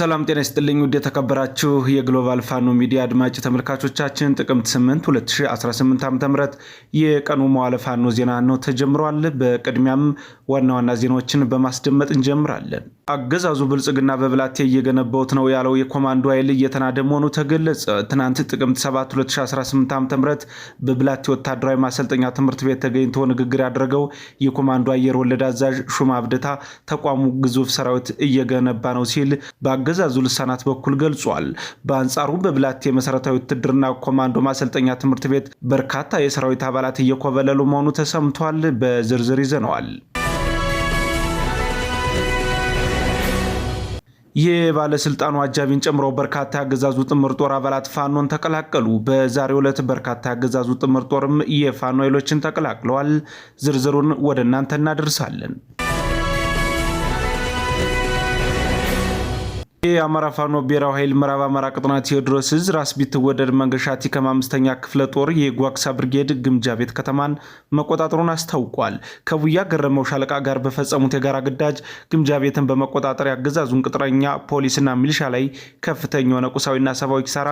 ሰላም ጤና ይስጥልኝ ውድ የተከበራችሁ የግሎባል ፋኖ ሚዲያ አድማጭ ተመልካቾቻችን ጥቅምት 8 2018 ዓ ም የቀኑ መዋለ ፋኖ ዜና ነው ተጀምሯል። በቅድሚያም ዋና ዋና ዜናዎችን በማስደመጥ እንጀምራለን። አገዛዙ ብልጽግና በብላቴ እየገነባውት ነው ያለው የኮማንዶ ኃይል እየተናደ መሆኑ ተገለጸ። ትናንት ጥቅምት 7 2018 ዓ ም በብላቴ ወታደራዊ ማሰልጠኛ ትምህርት ቤት ተገኝቶ ንግግር ያደረገው የኮማንዶ አየር ወለድ አዛዥ ሹማ አብደታ ተቋሙ ግዙፍ ሰራዊት እየገነባ ነው ሲል በአገዛዙ ልሳናት በኩል ገልጿል። በአንጻሩ በብላቴ የመሰረታዊ ውትድርና ኮማንዶ ማሰልጠኛ ትምህርት ቤት በርካታ የሰራዊት አባላት እየኮበለሉ መሆኑ ተሰምቷል። በዝርዝር ይዘነዋል። የባለስልጣኑ አጃቢን ጨምሮ በርካታ ያገዛዙ ጥምር ጦር አባላት ፋኖን ተቀላቀሉ። በዛሬው ዕለት በርካታ ያገዛዙ ጥምር ጦርም የፋኖ ኃይሎችን ተቀላቅለዋል። ዝርዝሩን ወደ እናንተ እናደርሳለን። የአማራ ፋኖ ብሔራዊ ኃይል ምዕራብ አማራ ቅጥና ቴዎድሮስ እዝ ራስ ቢትወደድ መንገሻ ቲከማ አምስተኛ ክፍለ ጦር የጓግሳ ብርጌድ ግምጃ ቤት ከተማን መቆጣጠሩን አስታውቋል። ከቡያ ገረመው ሻለቃ ጋር በፈጸሙት የጋራ ግዳጅ ግምጃ ቤትን በመቆጣጠር ያገዛዙን ቅጥረኛ ፖሊስና ሚሊሻ ላይ ከፍተኛ የሆነ ቁሳዊና ሰብአዊ ኪሳራ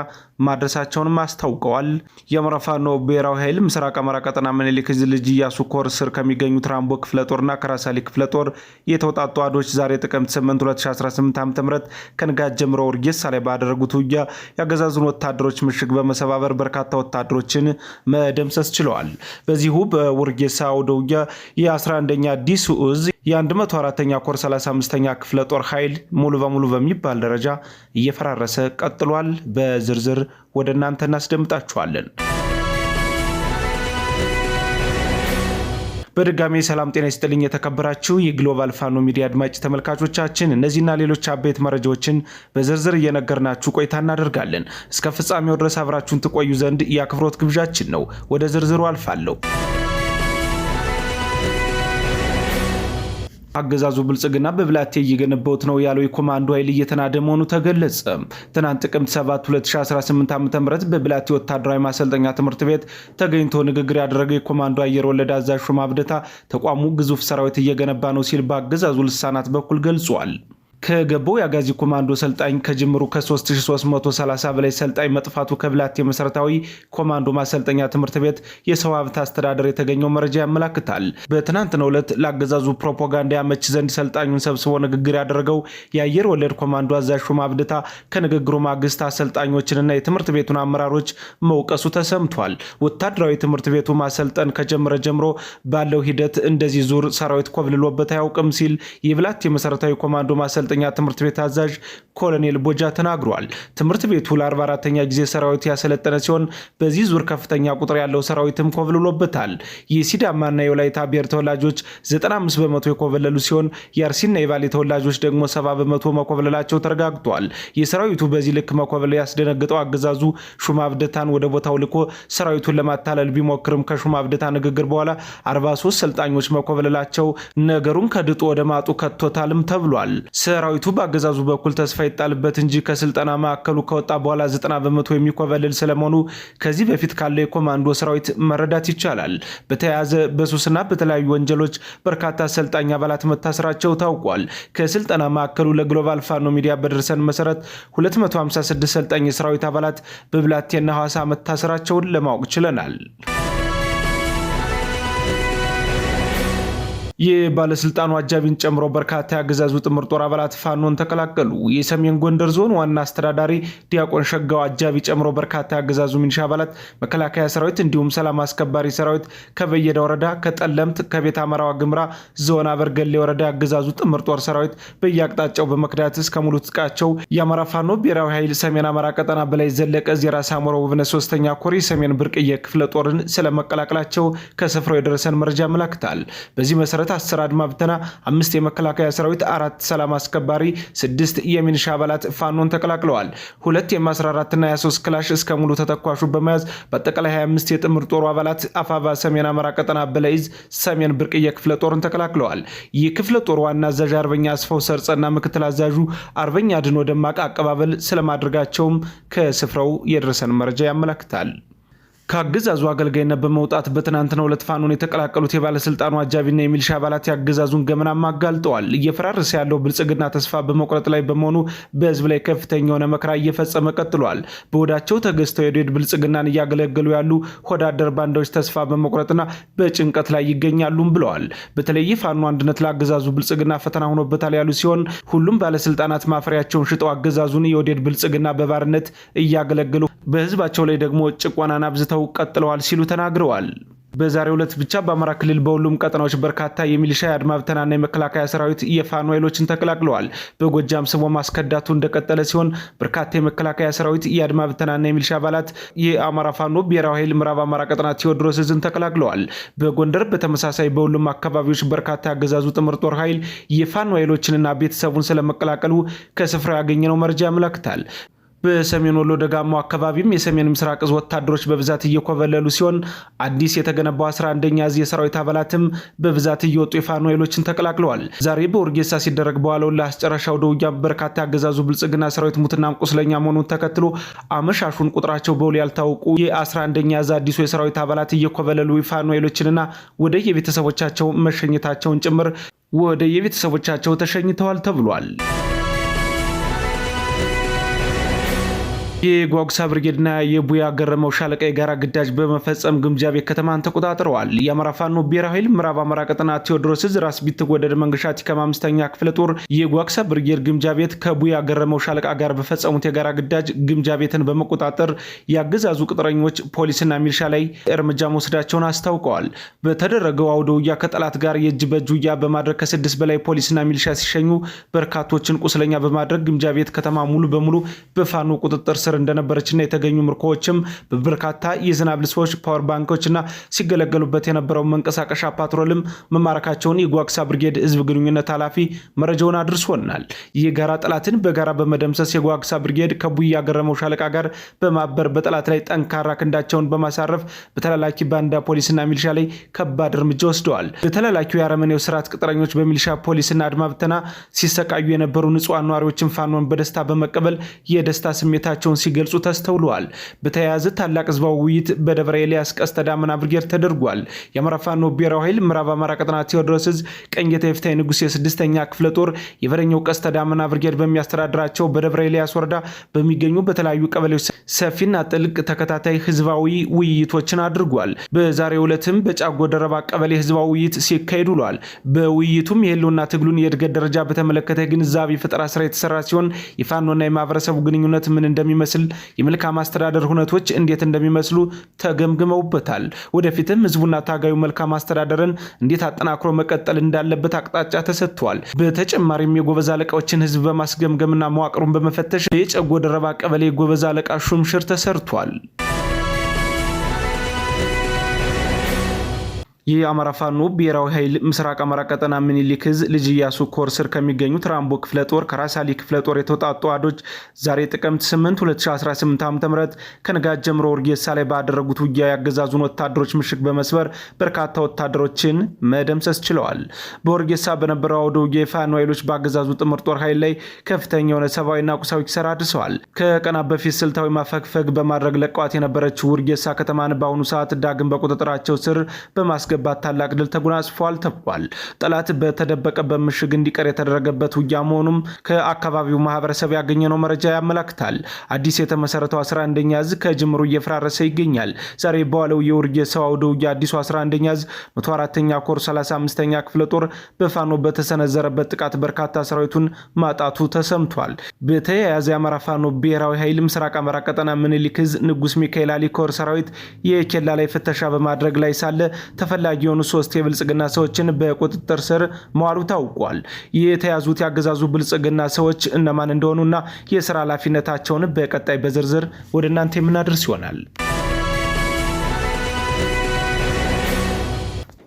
ማድረሳቸውንም አስታውቀዋል። የአማራ ፋኖ ብሔራዊ ኃይል ምስራቅ አማራ ቀጠና ምኒልክ እዝ ልጅ እያሱ ኮር ስር ከሚገኙት ራምቦ ክፍለ ጦርና ከራሳሌ ክፍለ ጦር የተውጣጡ አዶች ዛሬ ጥቅምት 8 2018 ዓ ም ከንጋት ጀምሮ ውርጌሳ ላይ ባደረጉት ውጊያ የአገዛዙን ወታደሮች ምሽግ በመሰባበር በርካታ ወታደሮችን መደምሰስ ችለዋል። በዚሁ በወርጌሳ አውደ ውጊያ የ11ኛ ዲስ እዝ የ104ኛ ኮር 35ኛ ክፍለ ጦር ኃይል ሙሉ በሙሉ በሚባል ደረጃ እየፈራረሰ ቀጥሏል። በዝርዝር ወደ እናንተ እናስደምጣችኋለን። በድጋሜ ሰላም ጤና ይስጥልኝ። የተከበራችሁ የግሎባል ፋኖ ሚዲያ አድማጭ ተመልካቾቻችን እነዚህና ሌሎች አበይት መረጃዎችን በዝርዝር እየነገርናችሁ ቆይታ እናደርጋለን። እስከ ፍጻሜው ድረስ አብራችሁን ትቆዩ ዘንድ የአክብሮት ግብዣችን ነው። ወደ ዝርዝሩ አልፋለሁ። አገዛዙ ብልጽግና በብላቴ እየገነባውት ነው ያለው የኮማንዶ ኃይል እየተናደ መሆኑ ተገለጸ። ትናንት ጥቅምት 7 2018 ዓ ም በብላቴ ወታደራዊ ማሰልጠኛ ትምህርት ቤት ተገኝቶ ንግግር ያደረገው የኮማንዶ አየር ወለድ አዛዥ ሹማ አብደታ ተቋሙ ግዙፍ ሰራዊት እየገነባ ነው ሲል በአገዛዙ ልሳናት በኩል ገልጿል። ከገባው የአጋዚ ኮማንዶ ሰልጣኝ ከጅምሩ ከ3330 በላይ ሰልጣኝ መጥፋቱ ከብላቴ መሰረታዊ ኮማንዶ ማሰልጠኛ ትምህርት ቤት የሰው ሀብት አስተዳደር የተገኘው መረጃ ያመላክታል። በትናንትናው ዕለት ለአገዛዙ ፕሮፓጋንዳ ያመች ዘንድ ሰልጣኙን ሰብስቦ ንግግር ያደረገው የአየር ወለድ ኮማንዶ አዛዥ ሹማ ከንግግሩ ማግስት አሰልጣኞችንና የትምህርት ቤቱን አመራሮች መውቀሱ ተሰምቷል። ወታደራዊ ትምህርት ቤቱ ማሰልጠን ከጀመረ ጀምሮ ባለው ሂደት እንደዚህ ዙር ሰራዊት ኮብልሎበት አያውቅም ሲል የብላቴ መሰረታዊ ኮማንዶ ማሰልጠ ማሰልጠኛ ትምህርት ቤት አዛዥ ኮሎኔል ቦጃ ተናግሯል። ትምህርት ቤቱ ለ44ተኛ ጊዜ ሰራዊት ያሰለጠነ ሲሆን በዚህ ዙር ከፍተኛ ቁጥር ያለው ሰራዊትም ኮብልሎበታል። የሲዳማና የወላይታ ብሔር ተወላጆች 95 በመቶ የኮበለሉ ሲሆን የአርሲና የባሌ ተወላጆች ደግሞ 70 በመቶ መኮብለላቸው ተረጋግጧል። የሰራዊቱ በዚህ ልክ መኮበል ያስደነግጠው አገዛዙ ሹማ አብደታን ወደ ቦታው ልኮ ሰራዊቱን ለማታለል ቢሞክርም ከሹማ አብደታ ንግግር በኋላ 43 ሰልጣኞች መኮብለላቸው ነገሩን ከድጡ ወደ ማጡ ከቶታልም ተብሏል። ሰራዊቱ በአገዛዙ በኩል ተስፋ ይጣልበት እንጂ ከስልጠና ማዕከሉ ከወጣ በኋላ 90 በመቶ የሚኮበልል ስለመሆኑ ከዚህ በፊት ካለው የኮማንዶ ሰራዊት መረዳት ይቻላል። በተያያዘ በሱስና በተለያዩ ወንጀሎች በርካታ አሰልጣኝ አባላት መታሰራቸው ታውቋል። ከስልጠና ማዕከሉ ለግሎባል ፋኖ ሚዲያ በደረሰን መሰረት 256 ሰልጣኝ የሰራዊት አባላት በብላቴና ሐዋሳ መታሰራቸውን ለማወቅ ችለናል። ይህ ባለስልጣኑ አጃቢን ጨምሮ በርካታ የአገዛዙ ጥምር ጦር አባላት ፋኖን ተቀላቀሉ። የሰሜን ጎንደር ዞን ዋና አስተዳዳሪ ዲያቆን ሸጋው አጃቢ ጨምሮ በርካታ የአገዛዙ ሚኒሻ አባላት፣ መከላከያ ሰራዊት እንዲሁም ሰላም አስከባሪ ሰራዊት ከበየዳ ወረዳ፣ ከጠለምት፣ ከቤት አመራዋ ግምራ ዞን አበርገሌ ወረዳ የአገዛዙ ጥምር ጦር ሰራዊት በየአቅጣጫው በመክዳት እስከ ሙሉ ትጥቃቸው የአማራ ፋኖ ብሔራዊ ኃይል ሰሜን አማራ ቀጠና በላይ ዘለቀ ዜራ ሳሞረ ውብነ ሶስተኛ ኮሪ ሰሜን ብርቅዬ ክፍለ ጦርን ስለመቀላቀላቸው ከስፍራው የደረሰን መረጃ ያመላክታል። በዚህ መሰረት የነበረበት አስር አድማ ብተና፣ አምስት የመከላከያ ሰራዊት፣ አራት ሰላም አስከባሪ፣ ስድስት የሚኒሻ አባላት ፋኖን ተቀላቅለዋል። ሁለት የማ 14 23 ክላሽ እስከ ሙሉ ተተኳሹ በመያዝ በአጠቃላይ 25 የጥምር ጦሩ አባላት አፋባ ሰሜን አማራ ቀጠና በለይዝ ሰሜን ብርቅዬ ክፍለ ጦርን ተቀላቅለዋል። ይህ ክፍለ ጦር ዋና አዛዥ አርበኛ አስፋው ሰርጸና ምክትል አዛዡ አርበኛ ድኖ ደማቅ አቀባበል ስለማድረጋቸውም ከስፍራው የደረሰን መረጃ ያመላክታል። ከአገዛዙ አገልጋይነት በመውጣት በትናንትናው ዕለት ፋኖን የተቀላቀሉት የባለስልጣኑ አጃቢና የሚሊሻ አባላት የአገዛዙን ገመናም አጋልጠዋል። እየፈራረሰ ያለው ብልጽግና ተስፋ በመቁረጥ ላይ በመሆኑ በህዝብ ላይ ከፍተኛ የሆነ መከራ እየፈጸመ ቀጥሏል። በወዳቸው ተገዝተው የዴድ ብልጽግናን እያገለገሉ ያሉ ወዳደር ባንዳዎች ተስፋ በመቁረጥና በጭንቀት ላይ ይገኛሉም ብለዋል። በተለይ ፋኖ አንድነት ለአገዛዙ ብልጽግና ፈተና ሆኖበታል ያሉ ሲሆን ሁሉም ባለስልጣናት ማፈሪያቸውን ሽጠው አገዛዙን የወዴድ ብልጽግና በባርነት እያገለገሉ በህዝባቸው ላይ ደግሞ ጭቆናን አብዝተው ተሰማርተው ቀጥለዋል ሲሉ ተናግረዋል። በዛሬ ሁለት ብቻ በአማራ ክልል በሁሉም ቀጠናዎች በርካታ የሚሊሻ የአድማ ብተናና የመከላከያ ሰራዊት የፋኖ ኃይሎችን ተቀላቅለዋል። በጎጃም ስሞ ማስከዳቱ እንደቀጠለ ሲሆን በርካታ የመከላከያ ሰራዊት የአድማ ብተናና የሚሊሻ አባላት የአማራ ፋኖ ብሔራዊ ኃይል ምዕራብ አማራ ቀጠና ቴዎድሮስ እዝን ተቀላቅለዋል። በጎንደር በተመሳሳይ በሁሉም አካባቢዎች በርካታ ያገዛዙ ጥምር ጦር ኃይል የፋኖ ኃይሎችንና ቤተሰቡን ስለመቀላቀሉ ከስፍራው ያገኘነው መረጃ ያመለክታል። በሰሜን ወሎ ደጋማው አካባቢም የሰሜን ምስራቅ እዝ ወታደሮች በብዛት እየኮበለሉ ሲሆን አዲስ የተገነባው 11ኛ እዝ የሰራዊት አባላትም በብዛት እየወጡ የፋኖ ኃይሎችን ተቀላቅለዋል። ዛሬ በኦርጌሳ ሲደረግ በዋለው ለአስጨረሻው ደውያ በርካታ ያገዛዙ ብልጽግና ሰራዊት ሙትናም ቁስለኛ መሆኑን ተከትሎ አመሻሹን ቁጥራቸው በውል ያልታወቁ የ11ኛ እዝ አዲሱ የሰራዊት አባላት እየኮበለሉ የፋኖ ኃይሎችንና ወደ የቤተሰቦቻቸው መሸኘታቸውን ጭምር ወደ የቤተሰቦቻቸው ተሸኝተዋል ተብሏል። የጓጉሳ ብርጌድና የቡያ ገረመው ሻለቃ የጋራ ግዳጅ በመፈጸም ግምጃ ቤት ከተማን ተቆጣጥረዋል። የአማራ ፋኖ ብሔራዊ ኃይል ምዕራብ አማራ ቀጠና ቴዎድሮስ ዕዝ ራስ ቢትወደድ መንገሻ ቲከማ አምስተኛ ክፍለ ጦር የጓጉሳ ብርጌድ ግምጃ ቤት ከቡያ ገረመው ሻለቃ ጋር በፈጸሙት የጋራ ግዳጅ ግምጃ ቤትን በመቆጣጠር ያገዛዙ ቅጥረኞች ፖሊስና ሚልሻ ላይ እርምጃ መውሰዳቸውን አስታውቀዋል። በተደረገው አውደ ውያ ከጠላት ጋር የእጅ በእጅ ውያ በማድረግ ከስድስት በላይ ፖሊስና ሚልሻ ሲሸኙ በርካቶችን ቁስለኛ በማድረግ ግምጃ ቤት ከተማ ሙሉ በሙሉ በፋኖ ቁጥጥር ስር እንደነበረችና የተገኙ ምርኮዎችም በበርካታ የዝናብ ልብሶች፣ ፓወር ባንኮችና ሲገለገሉበት የነበረው መንቀሳቀሻ ፓትሮልም መማረካቸውን የጓግሳ ብርጌድ ህዝብ ግንኙነት ኃላፊ መረጃውን አድርሶናል። የጋራ ጠላትን በጋራ በመደምሰስ የጓግሳ ብርጌድ ከቡያ ገረመው ሻለቃ ጋር በማበር በጠላት ላይ ጠንካራ ክንዳቸውን በማሳረፍ በተላላኪ ባንዳ ፖሊስና ሚሊሻ ላይ ከባድ እርምጃ ወስደዋል። በተላላኪው የአረመኔው ስርዓት ቅጥረኞች በሚሊሻ ፖሊስና አድማ ብተና ሲሰቃዩ የነበሩ ንጹሐን ነዋሪዎችን ፋኖን በደስታ በመቀበል የደስታ ስሜታቸውን መሆኑን ሲገልጹ ተስተውለዋል። በተያያዘ ታላቅ ህዝባዊ ውይይት በደብረ ኤልያስ ቀስተ ዳመና ብርጌድ ተደርጓል። የአማራ ፋኖ ብሔራዊ ኃይል ምዕራብ አማራ ቀጠና ቴዎድሮስ ዕዝ ቀኝ ጌታ የፍትሐ ንጉሥ የስድስተኛ ክፍለ ጦር የበረኛው ቀስተ ዳመና ብርጌድ በሚያስተዳድራቸው በደብረ ኤልያስ ወረዳ በሚገኙ በተለያዩ ቀበሌዎች ሰፊና ጥልቅ ተከታታይ ህዝባዊ ውይይቶችን አድርጓል። በዛሬው ዕለትም በጫጎ ደረባ ቀበሌ ህዝባዊ ውይይት ሲካሄድ ውሏል። በውይይቱም የህልውና ትግሉን የእድገት ደረጃ በተመለከተ ግንዛቤ ፈጠራ ስራ የተሰራ ሲሆን የፋኖና የማህበረሰቡ ግንኙነት ምን እንደሚመስል የሚመስል የመልካም አስተዳደር ሁነቶች እንዴት እንደሚመስሉ ተገምግመውበታል። ወደፊትም ህዝቡና ታጋዩ መልካም አስተዳደርን እንዴት አጠናክሮ መቀጠል እንዳለበት አቅጣጫ ተሰጥቷል። በተጨማሪም የጎበዝ አለቃዎችን ህዝብ በማስገምገምና መዋቅሩን በመፈተሽ የጨጎ ደረባ ቀበሌ የጎበዝ አለቃ ሹምሽር ተሰርቷል። የአማራ ፋኖ ብሔራዊ ኃይል ምስራቅ አማራ ቀጠና ምኒልክ ዕዝ ልጅ እያሱ ኮር ስር ከሚገኙት ራምቦ ክፍለ ጦር ከራሳሊ ክፍለ ጦር የተውጣጡ አዶች ዛሬ ጥቅምት 8 2018 ዓ ም ከንጋት ጀምሮ ወርጌሳ ላይ ባደረጉት ውጊያ ያገዛዙን ወታደሮች ምሽግ በመስበር በርካታ ወታደሮችን መደምሰስ ችለዋል። በወርጌሳ በነበረው አውደ ውጊያ የፋኖ ኃይሎች በአገዛዙ ጥምር ጦር ኃይል ላይ ከፍተኛ የሆነ ሰብአዊና ቁሳዊ ኪሳራ አድርሰዋል። ከቀናት በፊት ስልታዊ ማፈግፈግ በማድረግ ለቀዋት የነበረችው ውርጌሳ ከተማን በአሁኑ ሰዓት ዳግም በቁጥጥራቸው ስር በማስገ በማስገባት ታላቅ ድል ተጎናጽፏል ተብሏል። ጠላት በተደበቀበት ምሽግ እንዲቀር የተደረገበት ውጊያ መሆኑም ከአካባቢው ማህበረሰብ ያገኘነው መረጃ ያመላክታል። አዲስ የተመሰረተው 11ኛ እዝ ከጅምሩ እየፈራረሰ ይገኛል። ዛሬ በዋለው የውርጌሳው አውደ ውጊያ አዲሱ 11ኛ እዝ 104ኛ ኮር 35ኛ ክፍለ ጦር በፋኖ በተሰነዘረበት ጥቃት በርካታ ሰራዊቱን ማጣቱ ተሰምቷል። በተያያዘ የአማራ ፋኖ ብሔራዊ ኃይል ምስራቅ አማራ ቀጠና ምኒልክ እዝ ንጉስ ሚካኤል አሊ ኮር ሰራዊት የኬላ ላይ ፍተሻ በማድረግ ላይ ሳለ ተፈላ ተፈላጊ የሆኑ ሶስት የብልጽግና ሰዎችን በቁጥጥር ስር መዋሉ ታውቋል። ይህ የተያዙት ያገዛዙ ብልጽግና ሰዎች እነማን እንደሆኑና የስራ ኃላፊነታቸውን በቀጣይ በዝርዝር ወደ እናንተ የምናደርስ ይሆናል።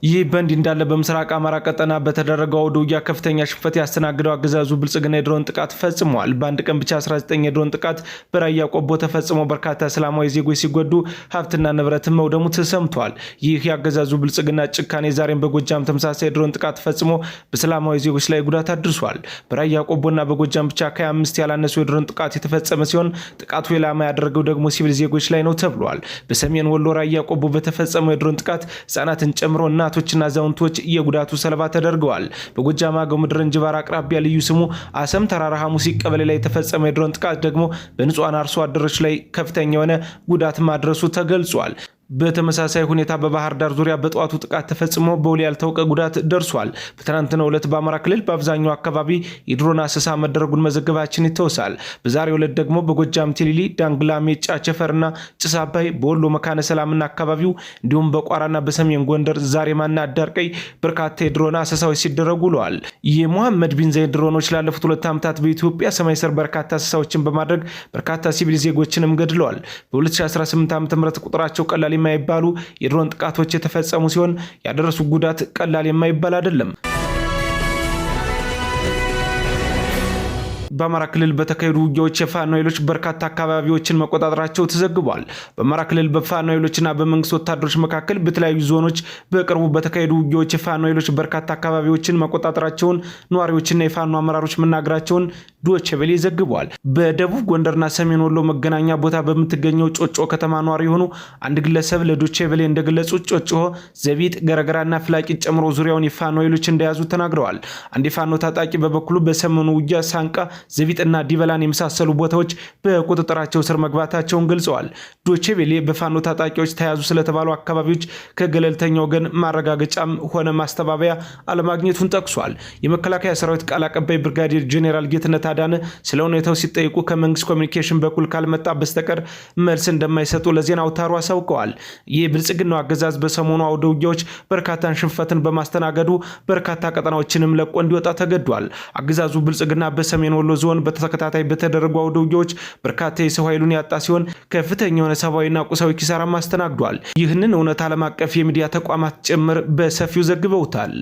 ይህ በእንዲህ እንዳለ በምስራቅ አማራ ቀጠና በተደረገው አውደ ውጊያ ከፍተኛ ሽንፈት ያስተናግደው አገዛዙ ብልጽግና የድሮን ጥቃት ፈጽመዋል። በአንድ ቀን ብቻ 19 የድሮን ጥቃት በራያ ቆቦ ተፈጽሞ በርካታ ሰላማዊ ዜጎች ሲጎዱ ሀብትና ንብረትን መውደሙ ተሰምቷል። ይህ የአገዛዙ ብልጽግና ጭካኔ ዛሬም በጎጃም ተመሳሳይ የድሮን ጥቃት ፈጽሞ በሰላማዊ ዜጎች ላይ ጉዳት አድርሷል። በራያ ቆቦና በጎጃም ብቻ ከ25 ያላነሱ የድሮን ጥቃት የተፈጸመ ሲሆን ጥቃቱ ኢላማ ያደረገው ደግሞ ሲቪል ዜጎች ላይ ነው ተብሏል። በሰሜን ወሎ ራያ ቆቦ በተፈጸመው የድሮን ጥቃት ህጻናትን ጨምሮ እናት ህጻናቶችና አዛውንቶች የጉዳቱ ሰለባ ተደርገዋል። በጎጃም አገው ምድር እንጅባር አቅራቢያ ልዩ ስሙ አሰም ተራራ ሐሙስ ቀበሌ ላይ የተፈጸመ የድሮን ጥቃት ደግሞ በንጹሐን አርሶ አደሮች ላይ ከፍተኛ የሆነ ጉዳት ማድረሱ ተገልጿል። በተመሳሳይ ሁኔታ በባህር ዳር ዙሪያ በጠዋቱ ጥቃት ተፈጽሞ በውል ያልታወቀ ጉዳት ደርሷል። በትናንትናው ሁለት በአማራ ክልል በአብዛኛው አካባቢ የድሮን አሰሳ መደረጉን መዘገባችን ይተወሳል። በዛሬው ዕለት ደግሞ በጎጃም ቲሊሊ፣ ዳንግላ፣ ሜጫ ቸፈርና ጭስ አባይ፣ በወሎ መካነ ሰላምና አካባቢው እንዲሁም በቋራና በሰሜን ጎንደር ዛሬማና አዳርቀይ በርካታ የድሮን አሰሳዎች ሲደረጉ ውለዋል። የሞሐመድ ቢን ዘይድ ድሮኖች ላለፉት ሁለት ዓመታት በኢትዮጵያ ሰማይ ስር በርካታ አሰሳዎችን በማድረግ በርካታ ሲቪል ዜጎችንም ገድለዋል። በ2018 ዓ ም ቁጥራቸው ቀላል የማይባሉ የድሮን ጥቃቶች የተፈጸሙ ሲሆን ያደረሱ ጉዳት ቀላል የማይባል አይደለም። በአማራ ክልል በተካሄዱ ውጊያዎች የፋኖ ኃይሎች በርካታ አካባቢዎችን መቆጣጠራቸው ተዘግቧል። በአማራ ክልል በፋኖ ኃይሎችና በመንግስት ወታደሮች መካከል በተለያዩ ዞኖች በቅርቡ በተካሄዱ ውጊያዎች የፋኖ ኃይሎች በርካታ አካባቢዎችን መቆጣጠራቸውን ነዋሪዎችና የፋኖ አመራሮች መናገራቸውን ዶቼ ቬለ ዘግቧል። በደቡብ ጎንደርና ሰሜን ወሎ መገናኛ ቦታ በምትገኘው ጮጮ ከተማ ነዋሪ የሆኑ አንድ ግለሰብ ለዶቼ ቬለ እንደገለጹት ጮጮ፣ ዘቢጥ፣ ገረገራና ፍላቂት ጨምሮ ዙሪያውን የፋኖ ኃይሎች እንደያዙ ተናግረዋል። አንድ የፋኖ ታጣቂ በበኩሉ በሰሞኑ ውጊያ ሳንቃ ዘቢጥና ዲበላን የመሳሰሉ ቦታዎች በቁጥጥራቸው ስር መግባታቸውን ገልጸዋል። ዶቼቬሌ በፋኖ ታጣቂዎች ተያዙ ስለተባሉ አካባቢዎች ከገለልተኛ ወገን ማረጋገጫም ሆነ ማስተባበያ አለማግኘቱን ጠቅሷል። የመከላከያ ሰራዊት ቃል አቀባይ ብርጋዴር ጄኔራል ጌትነት አዳነ ስለ ሁኔታው ሲጠይቁ ከመንግስት ኮሚኒኬሽን በኩል ካልመጣ በስተቀር መልስ እንደማይሰጡ ለዜና አውታሩ አሳውቀዋል። ይህ ብልጽግናው አገዛዝ በሰሞኑ አውደ ውጊያዎች በርካታን ሽንፈትን በማስተናገዱ በርካታ ቀጠናዎችንም ለቆ እንዲወጣ ተገዷል። አገዛዙ ብልጽግና በሰሜን ወሎ ወሎ ዞን በተከታታይ በተደረጉ አውደ በርካታ የሰው ኃይሉን ያጣ ሲሆን ከፍተኛ የሆነ ሰብአዊና ቁሳዊ ኪሳራም አስተናግዷል። ይህንን እውነት ዓለም አቀፍ የሚዲያ ተቋማት ጭምር በሰፊው ዘግበውታል።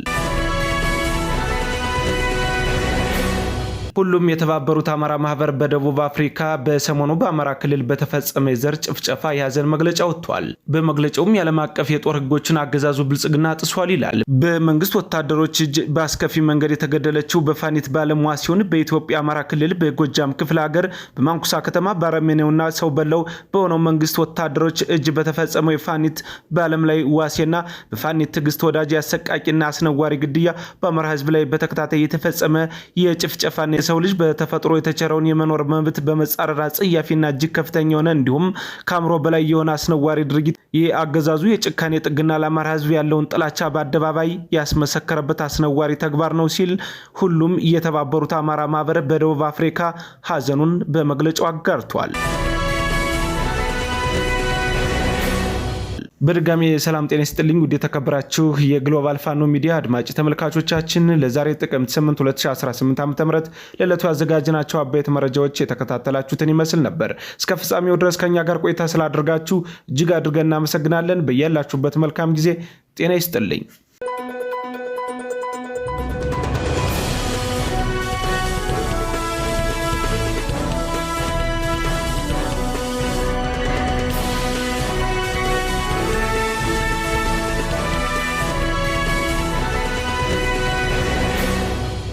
ሁሉም የተባበሩት አማራ ማህበር በደቡብ አፍሪካ በሰሞኑ በአማራ ክልል በተፈጸመ የዘር ጭፍጨፋ የሀዘን መግለጫ ወጥቷል። በመግለጫውም የዓለም አቀፍ የጦር ህጎችን አገዛዙ ብልጽግና ጥሷል ይላል። በመንግስት ወታደሮች እጅ በአስከፊ መንገድ የተገደለችው በፋኒት ባለሟ ሲሆን በኢትዮጵያ አማራ ክልል በጎጃም ክፍለ ሀገር በማንኩሳ ከተማ ባረመኔውና ሰው በለው በሆነው መንግስት ወታደሮች እጅ በተፈጸመው የፋኒት በዓለም ላይ ዋሴና በፋኒት ትዕግስት ወዳጅ አሰቃቂና አስነዋሪ ግድያ በአማራ ህዝብ ላይ በተከታታይ የተፈጸመ የጭፍጨፋና የሰው ልጅ በተፈጥሮ የተቸረውን የመኖር መብት በመጻረር አጸያፊና እጅግ ከፍተኛ የሆነ እንዲሁም ከአእምሮ በላይ የሆነ አስነዋሪ ድርጊት የአገዛዙ የጭካኔ ጥግና ለአማራ ሕዝብ ያለውን ጥላቻ በአደባባይ ያስመሰከረበት አስነዋሪ ተግባር ነው ሲል ሁሉም የተባበሩት አማራ ማህበር በደቡብ አፍሪካ ሀዘኑን በመግለጫው አጋርቷል። በድጋሚ የሰላም ጤና ይስጥልኝ ውድ የተከበራችሁ የግሎባል ፋኖ ሚዲያ አድማጭ ተመልካቾቻችን ለዛሬ ጥቅምት 8 2018 ዓ ም ለዕለቱ ያዘጋጅናቸው አበይት መረጃዎች የተከታተላችሁትን ይመስል ነበር። እስከ ፍጻሜው ድረስ ከኛ ጋር ቆይታ ስላደርጋችሁ እጅግ አድርገን እናመሰግናለን። በያላችሁበት መልካም ጊዜ ጤና ይስጥልኝ።